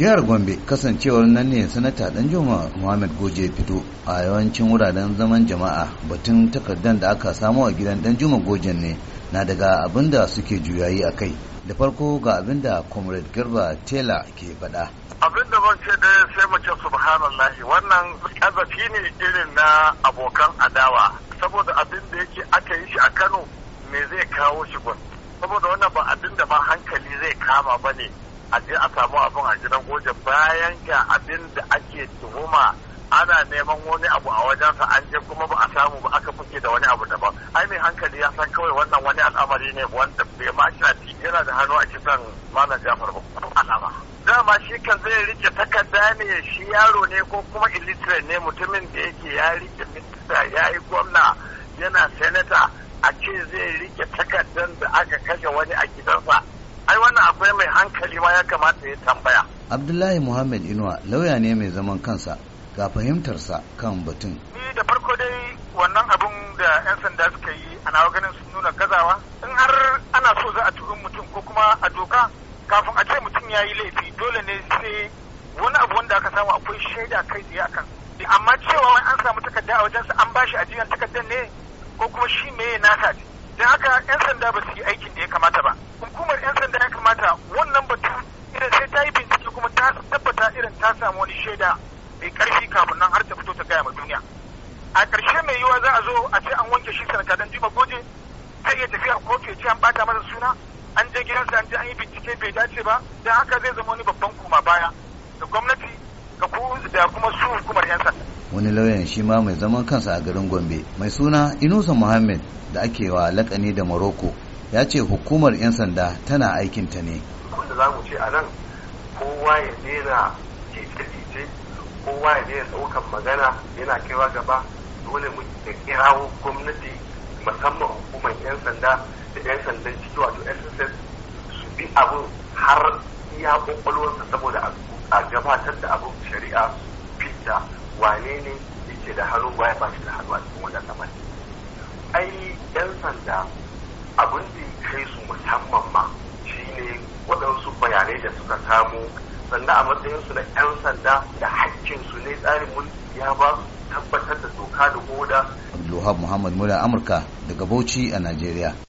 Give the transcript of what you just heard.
jihar gombe kasancewar nan ne sanata dan juma muhammad goje fito a yawancin wuraren zaman jama'a batun takardar da aka samu a gidan dan juma gojen ne na daga abin da suke juyayi a kai da farko ga abinda da comrade garba Taylor ke faɗa abin da ban ce da sai mace subhanallahi wannan azafi ne irin na abokan adawa saboda abin da yake aka yi shi a kano me zai kawo shi gwan saboda wannan ba abin da ma hankali zai kama ba ne a je a samu abin a gidan bayan ga abin da ake tuhuma ana neman wani abu a wajensa an je kuma ba a samu ba aka fuke da wani abu daban ai mai hankali ya san kawai wannan wani al'amari ne wanda bai ma shafi yana da hannu a kisan mana jafar ba alama dama shi kan zai rike takarda ne shi yaro ne ko kuma illiterate ne mutumin da yake ya rike minista ya yi gwamna yana senata a ce zai rike takardar da aka kashe wani a gidansa ai wannan akwai mai hankali ma ya kamata ya tambaya abdullahi muhammad inuwa lauya ne mai zaman kansa ga fahimtarsa kan batun ni da farko dai wannan abun da 'yan sanda suka yi a nawa ganin sun nuna gazawa in har ana so za a tuhum mutum ko kuma a doka kafin a ce mutum ya yi laifi dole ne sai wani abu wanda aka samu akwai shaida kai tsaye akan amma cewa wani an samu takarda a wajensa an bashi ajiyar takardar ne ko kuma shi me nasa ne don haka 'yan sanda ba su yi aiki samu wani shaida mai karfi kafin nan har ta fito ta gaya ma duniya a ƙarshe mai yiwa za a zo a ce an wanke shi sanata don jima goje ta iya tafiya ko ke ce an bata masa suna an je gidansa an je an yi bincike bai dace ba dan haka zai zama wani babban kuma baya da gwamnati da kuma su hukumar yan sanda wani lauyan shi ma mai zaman kansa a garin gombe mai suna inusa muhammad da ake wa lakani da morocco ya ce hukumar 'yan sanda tana aikinta ne wanda za mu ce a nan kowa ya nera jita-jita kowa ya daina ɗaukan magana yana kaiwa gaba dole mu kirawo gwamnati musamman hukumar 'yan sanda da 'yan sandan ciki wato sss su bi abin har iya kwakwalwarsa saboda a gabatar da abin shari'a fita wane ne yake da hannu baya ba shi da hannu a cikin wannan lamarin ai 'yan sanda abin da ya kai su musamman ma shine waɗansu bayanai da suka samu sannan a matsayinsu na 'yan sanda da hakkinsu ne tsarin mulki ya ba su tabbatar da doka da hoda. Johab Muhammad Mura Amurka daga Bauchi a Najeriya.